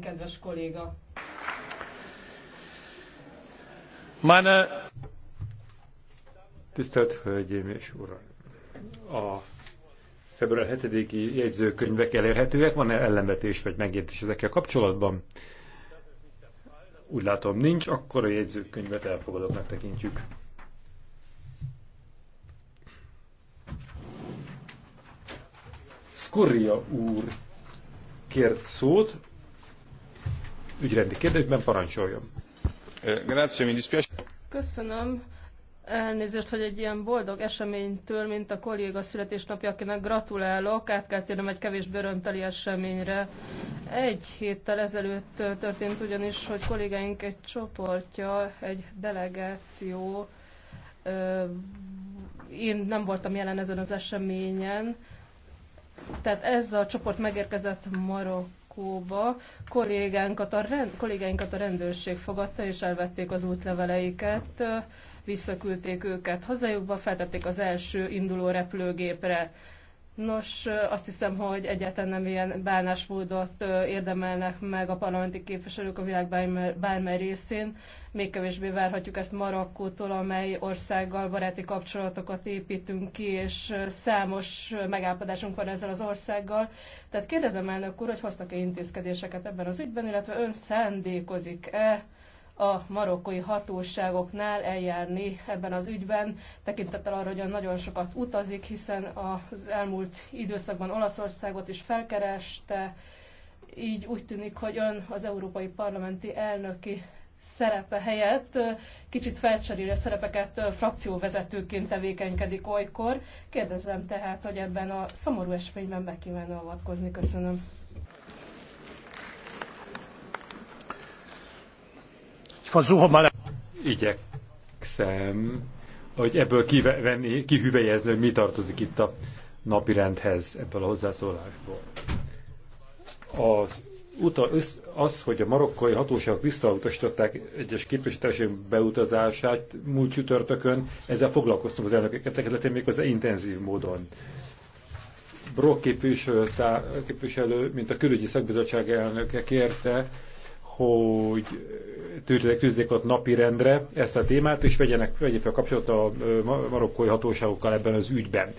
kedves kolléga. Meine Tisztelt Hölgyeim és Uram! A február 7-i jegyzőkönyvek elérhetőek? Van-e ellenvetés vagy megértés ezekkel kapcsolatban? Úgy látom nincs, akkor a jegyzőkönyvet elfogadottnak tekintjük. Skurria úr kért szót, ügyrendi kérdésben parancsoljon. Köszönöm. Elnézést, hogy egy ilyen boldog eseménytől, mint a kolléga születésnapja, akinek gratulálok, át kell térnem egy kevés örömteli eseményre. Egy héttel ezelőtt történt ugyanis, hogy kollégáink egy csoportja, egy delegáció, én nem voltam jelen ezen az eseményen, tehát ez a csoport megérkezett Marok Marokkóba. Kollégánkat a rend, kollégáinkat a rendőrség fogadta, és elvették az útleveleiket, visszaküldték őket hazájukba, feltették az első induló repülőgépre. Nos, azt hiszem, hogy egyáltalán nem ilyen bánásmódot érdemelnek meg a parlamenti képviselők a világ bármely részén. Még kevésbé várhatjuk ezt Marokkótól, amely országgal baráti kapcsolatokat építünk ki, és számos megállapodásunk van ezzel az országgal. Tehát kérdezem elnök úr, hogy hoztak-e intézkedéseket ebben az ügyben, illetve ön szándékozik-e a marokkói hatóságoknál eljárni ebben az ügyben, tekintettel arra, hogy nagyon sokat utazik, hiszen az elmúlt időszakban Olaszországot is felkereste, így úgy tűnik, hogy ön az európai parlamenti elnöki szerepe helyett kicsit felcserélő szerepeket frakcióvezetőként tevékenykedik olykor. Kérdezem tehát, hogy ebben a szomorú eseményben be kívánna avatkozni. Köszönöm. Igyekszem, hogy ebből kivenni, kihüvelyezni, hogy mi tartozik itt a napirendhez ebből a hozzászólásból. Az uta, az, hogy a marokkai hatóságok visszautasították egyes képviselőtársaim beutazását múlt csütörtökön, ezzel foglalkoztunk az elnökeket, még az intenzív módon. Brock képviselő, képviselő, mint a külügyi szakbizottság elnöke kérte, hogy tűzzék, tűzzék ott napirendre ezt a témát, és vegyenek, vegyék fel kapcsolatot a marokkói hatóságokkal ebben az ügyben.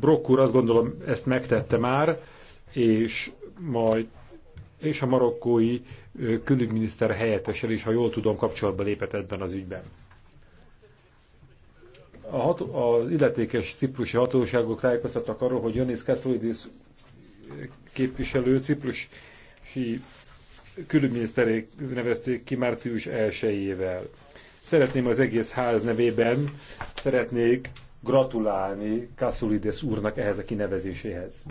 Brock úr azt gondolom ezt megtette már, és majd és a marokkói külügyminiszter helyettesel is, ha jól tudom, kapcsolatba lépett ebben az ügyben. A hat, az illetékes ciprusi hatóságok tájékoztattak arról, hogy Janis Kasszolidis képviselő ciprusi külügyminiszterek nevezték ki március 1-ével. Szeretném az egész ház nevében, szeretnék gratulálni Kasszulides úrnak ehhez a kinevezéséhez.